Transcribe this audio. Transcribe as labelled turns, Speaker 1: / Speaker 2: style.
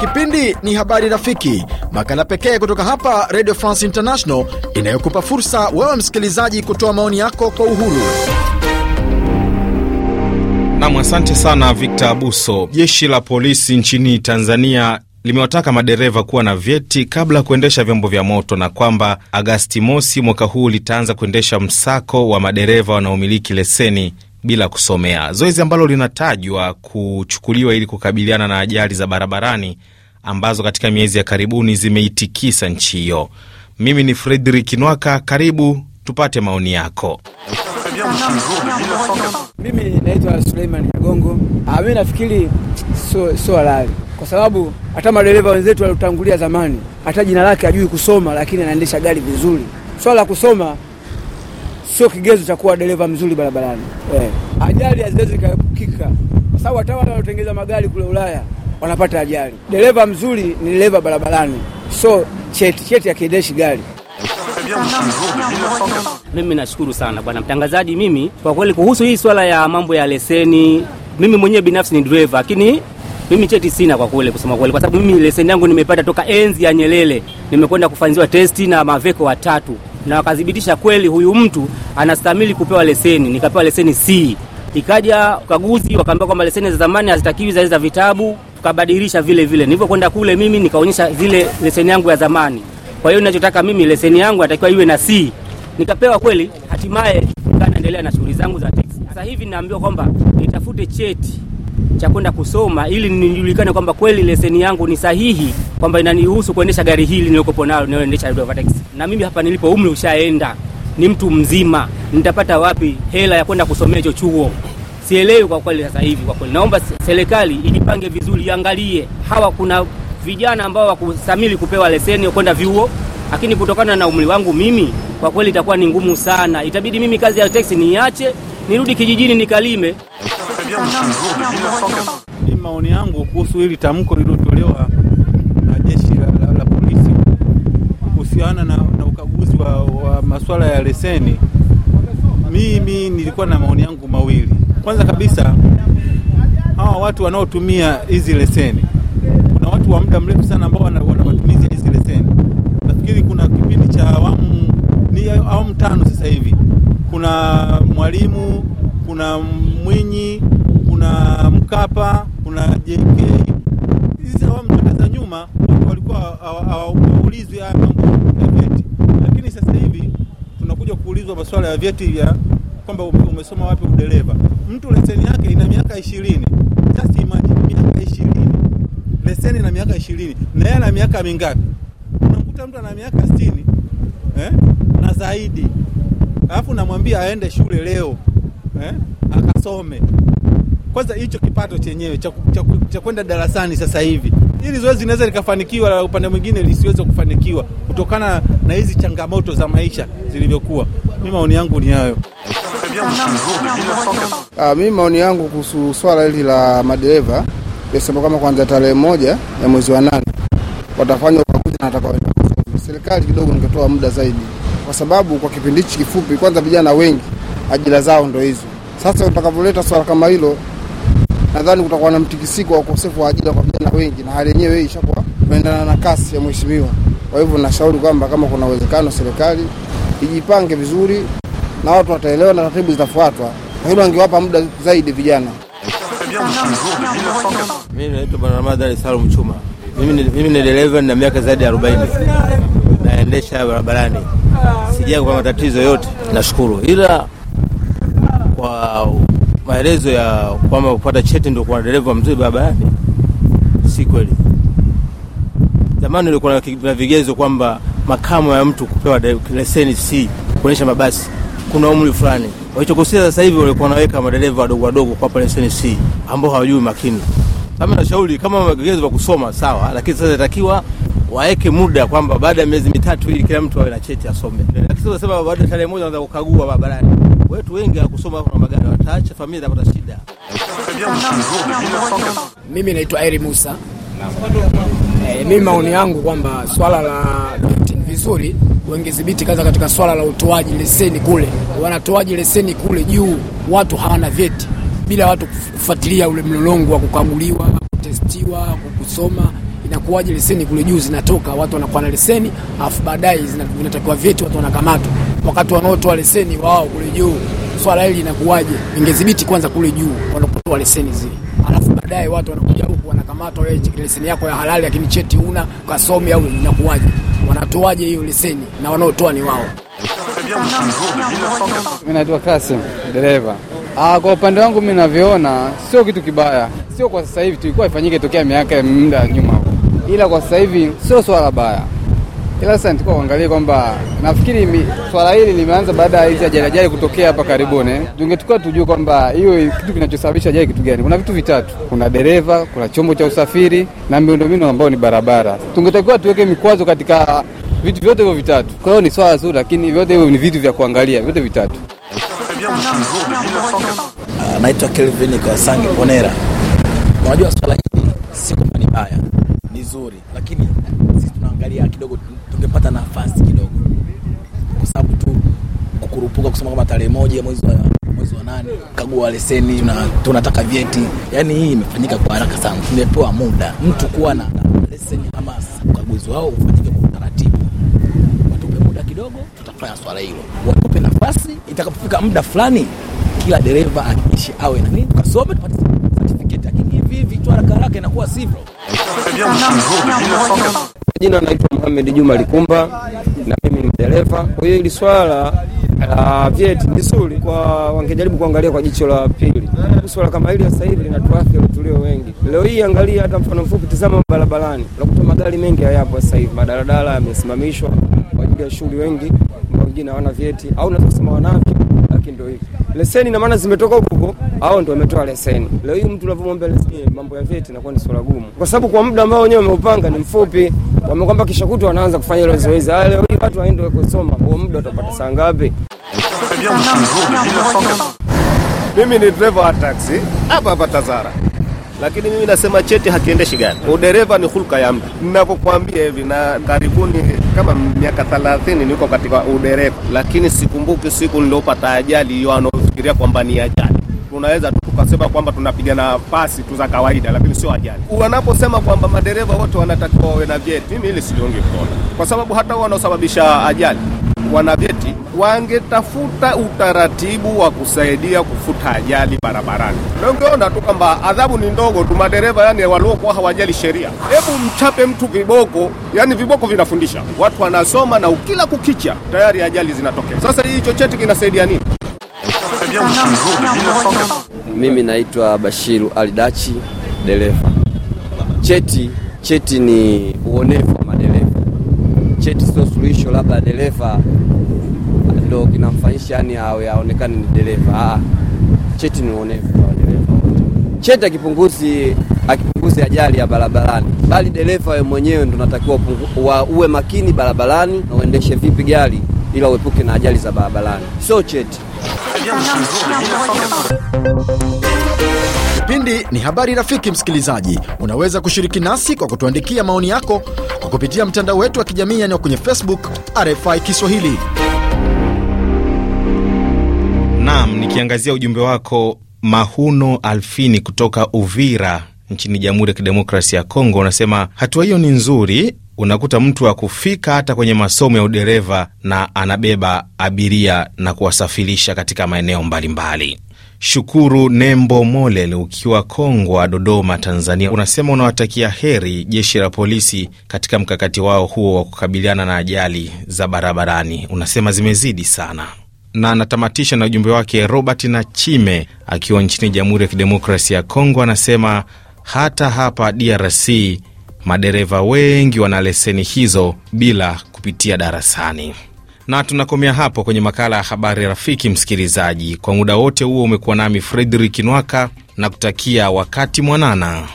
Speaker 1: Kipindi ni Habari Rafiki, makala pekee kutoka hapa Radio France International inayokupa fursa wewe msikilizaji kutoa maoni yako kwa uhuru. Nam, asante sana Victor Abuso. Jeshi la polisi nchini Tanzania limewataka madereva kuwa na vyeti kabla ya kuendesha vyombo vya moto na kwamba Agasti mosi mwaka huu litaanza kuendesha msako wa madereva wanaomiliki leseni bila kusomea, zoezi ambalo linatajwa kuchukuliwa ili kukabiliana na ajali za barabarani ambazo katika miezi ya karibuni zimeitikisa nchi hiyo. Mimi ni Fredrik Nwaka, karibu tupate maoni yako. Mimi naitwa
Speaker 2: Suleiman Gongo. Ah, Mi nafikiri sio so halali kwa sababu hata madereva wenzetu waliotangulia zamani, hata jina lake hajui kusoma, lakini anaendesha gari vizuri. Swala la kusoma sio kigezo cha kuwa dereva mzuri barabarani. Eh, ajali haziwezi kaepukika kwa sababu hata wale wanaotengeneza magari kule Ulaya wanapata ajali. Dereva mzuri ni dereva barabarani, so cheti cheti akiendeshi gari mimi nashukuru sana bwana mtangazaji. Mimi kwa kweli, kuhusu hii swala ya mambo ya leseni, mimi mwenyewe binafsi ni dreva lakini mimi cheti sina kwa kweli, kusema kweli, kwa sababu mimi leseni yangu nimepata toka enzi ya Nyerere. Nimekwenda kufanyiwa testi na maveko watatu, na wakadhibitisha kweli huyu mtu anastahimili kupewa leseni, nikapewa leseni C. Ikaja ukaguzi wakaambia kwamba leseni za zamani hazitakiwi, za za vitabu, tukabadilisha vile vile. Nilivyokwenda kule mimi nikaonyesha zile leseni yangu ya zamani. Kwa hiyo ninachotaka mimi leseni yangu natakiwa iwe na C. Nikapewa kweli, hatimaye nikaendelea na shughuli zangu za taxi. Sasa hivi naambiwa kwamba nitafute cheti cha kwenda kusoma ili nijulikane kwamba kweli leseni yangu ni sahihi, kwamba inanihusu kuendesha gari hili nilikopo nalo ninayoendesha Vertex. Na mimi hapa nilipo umri ushaenda, ni mtu mzima, nitapata wapi hela ya kwenda kusomea hicho chuo? Sielewi kwa kweli sasa hivi. Kwa kweli, naomba serikali ijipange vizuri, iangalie hawa, kuna vijana ambao wakusamili kupewa leseni kwenda vyuo, lakini kutokana na umri wangu mimi, kwa kweli itakuwa ni ngumu sana. Itabidi mimi kazi ya teksi niache, nirudi kijijini nikalime.
Speaker 3: Ni maoni yangu kuhusu hili tamko lililotolewa na jeshi la, la, la polisi kuhusiana na, na ukaguzi wa, wa masuala ya leseni. Mimi nilikuwa na maoni yangu mawili. Kwanza kabisa, hawa watu wanaotumia hizi leseni, kuna watu wa muda mrefu sana ambao wana matumizi ya hizi leseni. Nafikiri kuna kipindi cha awamu ni awamu tano sasa hivi, kuna Mwalimu, kuna Mwinyi kuna Mkapa, kuna JK. Hizi awamu zote za nyuma walikuwa hawaulizwi haya mambo ya vyeti, lakini sasa hivi tunakuja kuulizwa masuala ya vyeti vya kwamba umesoma wapi udereva. Mtu leseni yake ina miaka ishirini. Just imagine miaka ishirini, leseni na miaka ishirini, na yeye ana miaka mingapi? Unamkuta mtu ana miaka sitini eh, na zaidi, alafu namwambia aende shule leo eh, akasome kwanza hicho kipato chenyewe cha kwenda darasani sasa hivi, hili zoezi linaweza likafanikiwa, la upande mwingine lisiweze kufanikiwa kutokana na hizi changamoto za maisha zilivyokuwa. Mi maoni yangu ni hayo.
Speaker 2: Ah, Mi maoni yangu kuhusu swala hili la madereva nasema kama kwanza tarehe moja ya mwezi wa nane watafanya ukakuzi na watakaenda serikali kidogo ningetoa muda zaidi, kwa sababu kwa kipindi hichi kifupi, kwanza vijana wengi ajira zao ndo hizo. Sasa utakavyoleta swala kama hilo nadhani kutakuwa na mtikisiko wa ukosefu wa ajira kwa vijana wengi, na hali yenyewe ishakuwa kuendana na kasi ya mheshimiwa. Kwa hivyo nashauri kwamba kama kuna uwezekano serikali ijipange vizuri na watu wataelewa na taratibu zitafuatwa, lakini wangewapa muda zaidi vijana.
Speaker 3: Mimi naitwa Bwana Ramadhani Salum Chuma. Mimi ni dereva na miaka zaidi ya arobaini, naendesha barabarani, sijaa kwa matatizo yote, nashukuru ila kwa maelezo ya kwamba kupata cheti ndio kuwa dereva mzuri barabarani si kweli. Zamani ilikuwa na vigezo kwamba makamo ya mtu kupewa leseni si kuonyesha mabasi kuna umri fulani walichokusia. Sasa hivi walikuwa wanaweka madereva wadogo wadogo kuwapa leseni si ambao hawajui makini. Kama nashauri kama vigezo vya kusoma sawa, lakini sasa inatakiwa waweke muda kwamba baada ya miezi mitatu ili kila mtu awe na cheti asome, lakini sasa baada ya tarehe
Speaker 1: moja anaanza kukagua barabarani wetu wengi hakusoma na magari, wataacha familia itapata shida. Mimi naitwa Eri Musa. E, mimi maoni yangu kwamba swala la vizuri wangedhibiti kaza katika swala la utoaji leseni kule, wanatoaji leseni kule juu, watu hawana vyeti, bila watu kufuatilia ule mlolongo wa kukaguliwa, kutestiwa, kusoma inakuwaje leseni kule juu zinatoka, watu wanakuwa na leseni, alafu baadaye zinatakiwa vyeti, watu wanakamatwa wakati wanaotoa leseni wao kule juu, swala hili linakuwaje? Ningedhibiti kwanza kule juu wanapotoa leseni zile, alafu baadaye watu wanakuja huku wanakamata leseni yako ya halali, lakini cheti una kasomi au inakuwaje? Wanatoaje hiyo leseni na wanaotoa ni wao?
Speaker 2: Mimi naitwa Kasim, dereva. Ah, kwa upande wangu mimi navyoona sio kitu kibaya, sio kwa sasa hivi, tulikuwa ifanyike tokea miaka ya muda nyuma, ila kwa sasa hivi sio swala baya. Ila sasa nitakuwa kuangalia kwamba nafikiri swala hili limeanza baada ya hizi ajali ajali kutokea hapa karibuni. Tungetukiwa tujue kwamba hiyo kitu kinachosababisha ajali kitu gani? Kuna vitu vitatu, kuna dereva, kuna chombo cha usafiri na miundombinu ambayo ni barabara. Tungetakiwa tuweke mikwazo katika vitu vyote hivyo vitatu. Kwa hiyo ni swala zuri, lakini vyote hivyo ni vitu vya
Speaker 1: kuangalia, vyote vitatu. Naitwa Kelvin Kasangi Ponera. Unajua swala hili si kwamba ni baya vizuri, lakini sisi tunaangalia kidogo, tungepata nafasi kidogo, kwa sababu tu kukurupuka kusema kama tarehe moja mwezi wa mwezi wa nane kagua leseni, tuna, tunataka vyeti. Yani hii imefanyika kwa haraka sana, tumepewa muda mtu kuwa na leseni ama ukaguzi wao ufanyike kwa
Speaker 2: utaratibu. Watupe muda kidogo,
Speaker 1: tutafanya swala hilo, watupe nafasi. Itakapofika muda fulani, kila dereva akiishi awe na nini tukasome tupate certificate, lakini hivi hivi tu haraka haraka inakuwa sivyo.
Speaker 2: Jina naitwa Mohamed Juma Likumba na mimi ni dereva. Kwa hiyo hili swala la vyeti ni zuri kwa wangejaribu kuangalia kwa jicho la pili. Swala kama hili sasa hivi linatuathiri tulio wengi. Leo hii angalia hata mfano mfupi, tazama barabarani, unakuta magari mengi hayapo sasa hivi, madaladala yamesimamishwa kwa ajili ya shughuli, wengi wengine hawana vyeti au naweza kusema wanavyo, lakini ndio hivi leseni na maana zimetoka huko huko, hao ndio wametoa leseni. Leo hii mtu unavyomwambia leseni, mambo ya vyeti inakuwa ni swala gumu, kwa sababu kwa muda ambao wenyewe wameupanga ni mfupi. Wamekwamba kisha kutu wanaanza kufanya ile zoezi. Haya, ah, leo hii watu waende kusoma, kwa muda utapata saa ngapi? Mimi ni dereva wa taksi
Speaker 1: hapa hapa Tazara, lakini mimi nasema cheti hakiendeshi gari. Udereva ni hulka ya mtu, ninakokuambia hivi. Na karibuni kama miaka 30 niko katika udereva, lakini sikumbuki siku nilopata ajali hiyo kufikiria kwamba ni ajali. Tunaweza tu tukasema kwamba tunapigana pasi tu za kawaida, lakini sio ajali. Wanaposema kwamba madereva wote wanatakiwa wawe na vyeti, mimi hili siliungi mkono, kwa sababu hata wanaosababisha ajali wana vyeti. Wangetafuta utaratibu wa kusaidia kufuta ajali barabarani. Ungeona tu kwamba adhabu ni ndogo tu, madereva yani waliokuwa hawajali sheria. Hebu mchape mtu viboko, yani viboko vinafundisha, watu wanasoma, na ukila kukicha tayari ajali zinatokea. Sasa hicho cheti kinasaidia nini?
Speaker 2: Mimi naitwa Bashiru Alidachi, dereva. Cheti cheti ni uonevu wa madereva. Cheti sio suluhisho, labda dereva ndo kinamfanyisha yani awe aonekane ni dereva. Cheti ni uonevu wa dereva. Cheti akipunguzi akipunguzi ajali ya barabarani, bali dereva wewe mwenyewe ndo natakiwa uwe makini barabarani na uendeshe vipi gari, ila uepuke na ajali za barabarani, sio cheti.
Speaker 1: Kipindi ni habari rafiki. Msikilizaji, unaweza kushiriki nasi kwa kutuandikia maoni yako kwa kupitia mtandao wetu wa kijamii yani kwenye Facebook RFI Kiswahili. nam nikiangazia ujumbe wako Mahuno Alfini kutoka Uvira nchini Jamhuri ya Kidemokrasia ya Kongo, unasema hatua hiyo ni nzuri unakuta mtu akufika hata kwenye masomo ya udereva na anabeba abiria na kuwasafirisha katika maeneo mbalimbali. Shukuru Nembo Molel ukiwa Kongwa, Dodoma, Tanzania, unasema unawatakia heri jeshi la polisi katika mkakati wao huo wa kukabiliana na ajali za barabarani. Unasema zimezidi sana na anatamatisha na ujumbe wake Robert Nachime akiwa nchini Jamhuri ya Kidemokrasia ya Kongo, anasema hata hapa DRC Madereva wengi wana leseni hizo bila kupitia darasani. Na tunakomea hapo kwenye makala ya habari rafiki. Msikilizaji, kwa muda wote huo umekuwa nami Fredrik Nwaka na kutakia wakati mwanana.